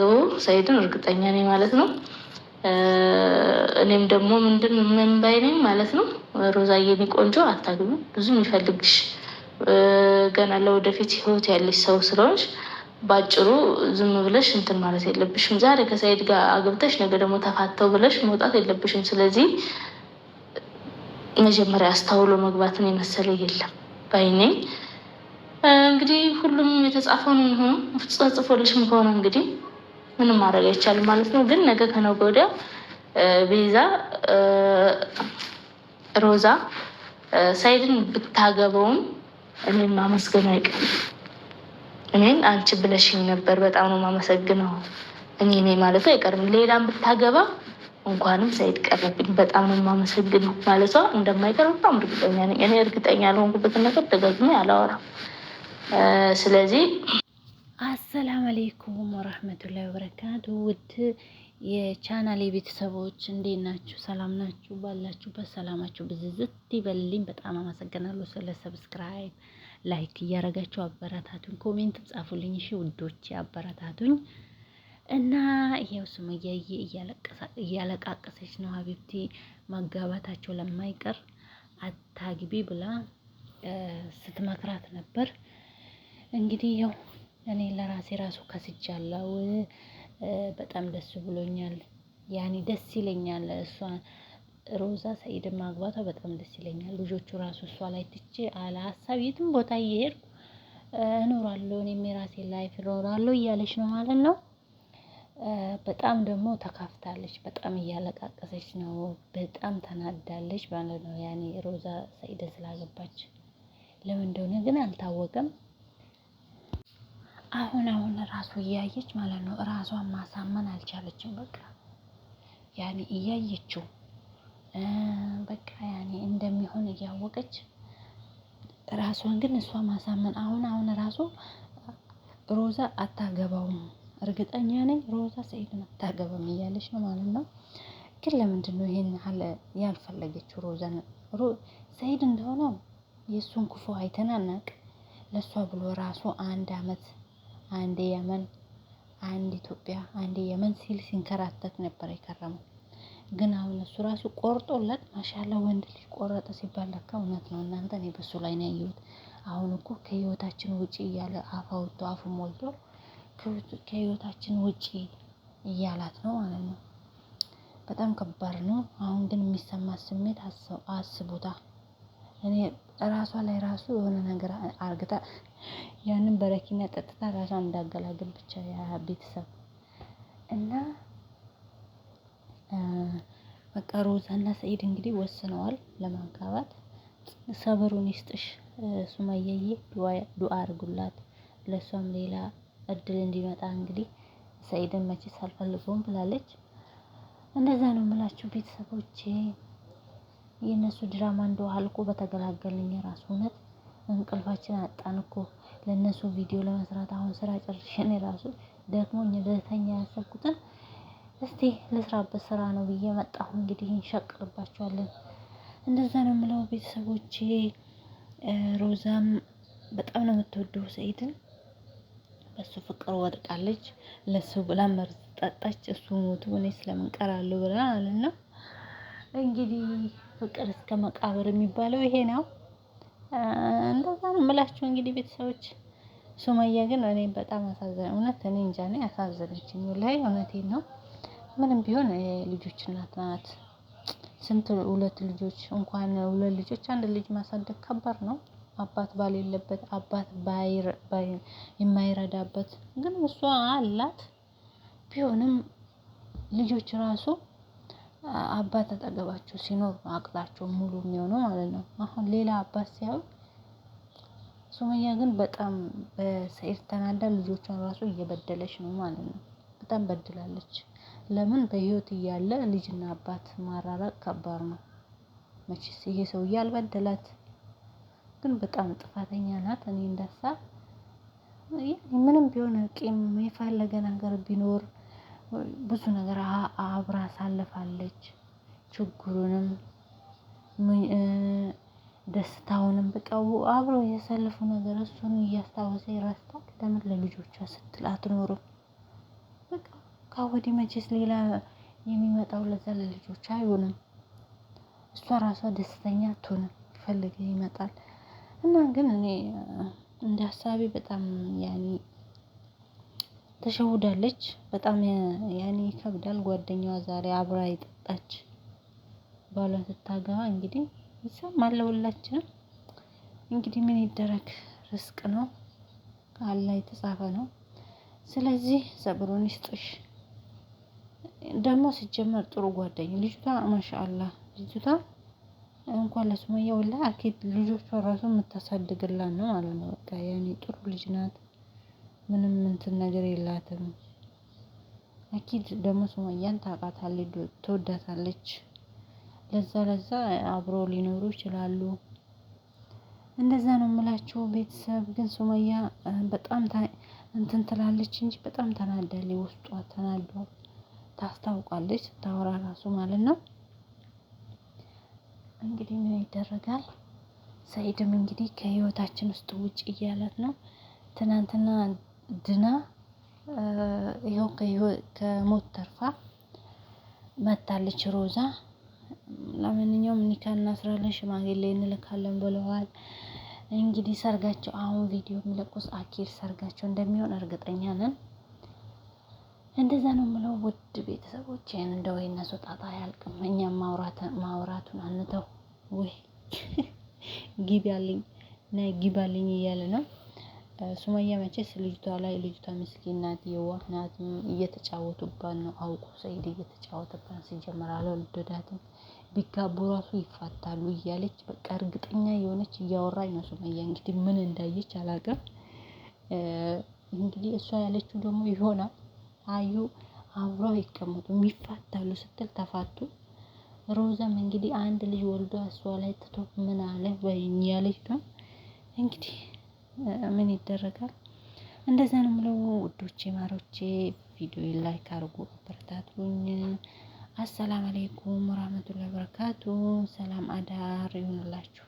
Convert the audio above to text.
ገቡ ሰይድን እርግጠኛ ነኝ ማለት ነው። እኔም ደግሞ ምንድን ምን ባይ ነኝ ማለት ነው። ሮዛዬ የኔ ቆንጆ አታግቢ፣ ብዙ የሚፈልግሽ ገና ለወደፊት ህይወት ያለሽ ሰው ስለሆንሽ ባጭሩ ዝም ብለሽ እንትን ማለት የለብሽም። ዛሬ ከሰይድ ጋር አግብተሽ ነገ ደግሞ ተፋተው ብለሽ መውጣት የለብሽም። ስለዚህ መጀመሪያ አስተውሎ መግባትን የመሰለ የለም ባይኔ። እንግዲህ ሁሉም የተጻፈውን ሆኑ ጽፎልሽም ከሆነ እንግዲህ ምንም ማድረግ አይቻልም ማለት ነው። ግን ነገ ከነገ ወዲያ ቤዛ ሮዛ ሳይድን ብታገበውም እኔን ማመስገን አይቀርም። እኔን አንቺ ብለሽኝ ነበር፣ በጣም ነው ማመሰግነው እኔ እኔ ማለቱ አይቀርም። ሌላም ብታገባ እንኳንም ሳይድ ቀረብኝ፣ በጣም ነው ማመሰግን ማለቷ እንደማይቀር በጣም እርግጠኛ ነኝ። እኔ እርግጠኛ ያልሆንኩበትን ነገር ደጋግሜ አላወራም። ስለዚህ አሰላም አለይኩም ወራህመቱላሂ ወበረካቱ። ውድ የቻናሌ ቤተሰቦች እንዴት ናችሁ? ሰላም ናችሁ? ባላችሁበት ሰላማችሁ ብዝዝት ይበልኝ። በጣም አመሰግናለሁ ስለ ሰብስክራይብ፣ ላይክ እያረጋችሁ አበረታቱኝ። ኮሜንት ጻፉልኝ እሺ ውዶች፣ አበረታቱኝ እና ይሄው ሱመያዬ እያለቃቀሰች ነው። ሀቢብቲ መጋባታቸው ለማይቀር አታግቢ ብላ ስትመክራት ነበር እንግዲህ ያው እኔ ለራሴ ራሱ ከስቻለሁ። በጣም ደስ ብሎኛል። ያኔ ደስ ይለኛል እሷ ሮዛ ሰኢድን ማግባቷ በጣም ደስ ይለኛል። ልጆቹ ራሱ እሷ ላይ ትቼ አለ ሀሳብ የትም ቦታ እየሄድኩ እኖራለሁ እኔም የራሴ ላይፍ እኖራለሁ እያለች ነው ማለት ነው። በጣም ደግሞ ተካፍታለች። በጣም እያለቃቀሰች ነው። በጣም ተናዳለች ማለት ነው። ያኔ ሮዛ ሰኢድን ስላገባች ለምን እንደሆነ ግን አልታወቀም። አሁን አሁን ራሱ እያየች ማለት ነው ራሷን ማሳመን አልቻለችም። በቃ ያኔ እያየችው በቃ ያኔ እንደሚሆን እያወቀች ራሷን ግን እሷ ማሳመን አሁን አሁን ራሱ ሮዛ አታገባውም፣ እርግጠኛ ነኝ ሮዛ ሰኢድን አታገባም እያለች ነው ማለት ነው። ግን ለምንድን ነው ይሄን ያህል ያልፈለገችው? ሮዛ ሰይድ እንደሆነ የእሱን ክፉ አይተናናቅ ለእሷ ብሎ ራሱ አንድ አመት አንዴ የመን አንድ ኢትዮጵያ አንድ የመን ሲል ሲንከራተት ነበር የከረመው። ግን አሁን እሱ ራሱ ቆርጦለት ማሻላ ወንድ ልጅ ቆረጠ ሲባል ለካ እውነት ነው እናንተ። እኔ በሱ ላይ ነው ያየሁት። አሁን እኮ ከህይወታችን ውጪ እያለ አፍ አውጥቶ አፉ ሞልቶ ከህይወታችን ውጪ እያላት ነው ማለት ነው። በጣም ከባድ ነው። አሁን ግን የሚሰማ ስሜት አስቡታ እኔ ራሷ ላይ ራሱ የሆነ ነገር አርግታ ያንን በረኪና ጠጥታ ራሷን እንዳገላግል ብቻ ቤተሰብ እና በቃ ሮዛና ሰኢድ እንግዲህ ወስነዋል ለማጋባት። ሰብሩን ይስጥሽ ሱመያዬ፣ ዱአ አርጉላት ለእሷም ሌላ እድል እንዲመጣ እንግዲህ ሰኢድን መቼስ አልፈልገውም ብላለች። እንደዛ ነው የምላችሁ ቤተሰቦቼ። የእነሱ ድራማ እንደው አልቆ በተገላገለኝ ራሱ እውነት እንቅልፋችን አጣን እኮ ለእነሱ ቪዲዮ ለመስራት። አሁን ስራ ጨርሸን ራሱ ደግሞ ልተኛ ያሰብኩትን እስቲ ልስራበት ስራ ነው ብዬ መጣሁ። እንግዲህ እንሸቅልባቸዋለን። እንደዛ ነው የምለው ቤተሰቦቼ። ሮዛም በጣም ነው የምትወደው ሰኢድን። በሱ ፍቅር ወድቃለች። ለሱ ብላ መርዝ ጠጣች። እሱ ሞቱ እኔ ስለምንቀራለሁ ብላ አለና እንግዲህ ፍቅር እስከ መቃብር የሚባለው ይሄ ነው። እንደዛ ነው የምላችሁ እንግዲህ ቤተሰቦች። ሱመያ ግን እኔ በጣም አሳዘነ። እውነት እኔ እንጃ ነኝ አሳዘነችኝ። ላይ እውነቴን ነው። ምንም ቢሆን የልጆች እናት ናት። ስንት ሁለት ልጆች እንኳን ሁለት ልጆች አንድ ልጅ ማሳደግ ከባድ ነው። አባት ባል የለበት አባት የማይረዳበት ግን እሷ አላት ቢሆንም ልጆች ራሱ አባት አጠገባቸው ሲኖር ነው አቅላቸው ሙሉ የሚሆነው ማለት ነው። አሁን ሌላ አባት ሲያዩ ሱመያ ግን በጣም በሰኢድ ተናዳ ልጆቿን ራሱ እየበደለች ነው ማለት ነው። በጣም በድላለች። ለምን በህይወት እያለ ልጅና አባት ማራራቅ ከባድ ነው። መቼስ ይሄ ሰው አልበደላት፣ ግን በጣም ጥፋተኛ ናት። እኔ እንደሳ ምንም ቢሆን ቂም የፈለገ ነገር ቢኖር ብዙ ነገር አብራ አሳልፋለች። ችግሩንም ደስታውንም በቃ አብረው ያሳለፉ ነገር እሱን እያስታወሰ ይረስታል ለምን ለልጆቿ ስትል አትኖርም? በቃ ከወዲህ መቼስ ሌላ የሚመጣው ለዛ ለልጆቿ አይሆንም። እሷ ራሷ ደስተኛ አትሆንም ፈለገ ይመጣል። እና ግን እኔ እንደ ሀሳቤ በጣም ያኔ ተሸውዳለች በጣም ያኔ ይከብዳል። ጓደኛዋ ዛሬ አብራ የጠጣች ባሏን ስታገባ እንግዲህ ይሰማል ለሁላችንም። እንግዲህ ምን ይደረግ ርስቅ ነው አላህ የተጻፈ ነው። ስለዚህ ሰብሩን ይስጥሽ። ደግሞ ሲጀመር ጥሩ ጓደኛ ልጅቷ ማሻአላ ልጅቷ እንኳን ለሱመያ ወላሂ አኪድ ልጆቿ ራሱ የምታሳድግላት ነው ማለት ነው። በቃ ያኔ ጥሩ ልጅ ናት። ምንም እንትን ነገር የላትም። አኪድ ደግሞ ሱመያን ታውቃታለች፣ ትወዳታለች። ለዛ ለዛ አብሮ ሊኖሩ ይችላሉ። እንደዛ ነው የምላችሁ ቤተሰብ። ግን ሱመያ በጣም እንትን ትላለች እንጂ በጣም ተናዳለች። ውስጧ ተናዶ ታስታውቃለች፣ ስታወራ ራሱ ማለት ነው። እንግዲህ ምን ይደረጋል። ሰኢድም እንግዲህ ከህይወታችን ውስጥ ውጭ እያላት ነው ትናንትና ድና ይኸው ከሞት ተርፋ መታለች ሮዛ። ለማንኛውም ኒካ እናስራለን፣ ሽማግሌ እንልካለን ብለዋል። እንግዲህ ሰርጋቸው አሁን ቪዲዮ የሚለቁት አኪል ሰርጋቸው እንደሚሆን እርግጠኛ ነን። እንደዛ ነው የምለው ውድ ቤተሰቦችን፣ እንደው የእነሱ ጣጣ አያልቅም። እኛም ማውራቱን አንተው። ውይ ግቢ ነይ ግቢ እያለ ነው። ሱመያ መቼስ ልጅቷ ላይ ልጅቷ ምስኪን ናት፣ የዋህ ናት። እየተጫወቱባት ነው አውቁ ሰይድ እየተጫወተባት ሲጀምር አልወደዳትም። ቢጋቡ ራሱ ይፋታሉ እያለች በቃ እርግጠኛ የሆነች እያወራኝ ነው። ሱመያ እንግዲህ ምን እንዳየች አላቅም። እንግዲህ እሷ ያለችው ደግሞ ይሆናል አዩ አብሮ አይቀመጡም ይፋታሉ ስትል ተፋቱ። ሮዛም እንግዲህ አንድ ልጅ ወልዶ እሷ ላይ ትቶ ምን አለ በይኝ ያለች ነው እንግዲህ ምን ይደረጋል? እንደዛ ነው የምለው ውዶቼ ማሮቼ ቪዲዮ ላይክ አድርጉ፣ አበረታቱኝ። አሰላም አለይኩም ወራህመቱላሂ ወበረካቱ። ሰላም አዳር ይሁንላችሁ።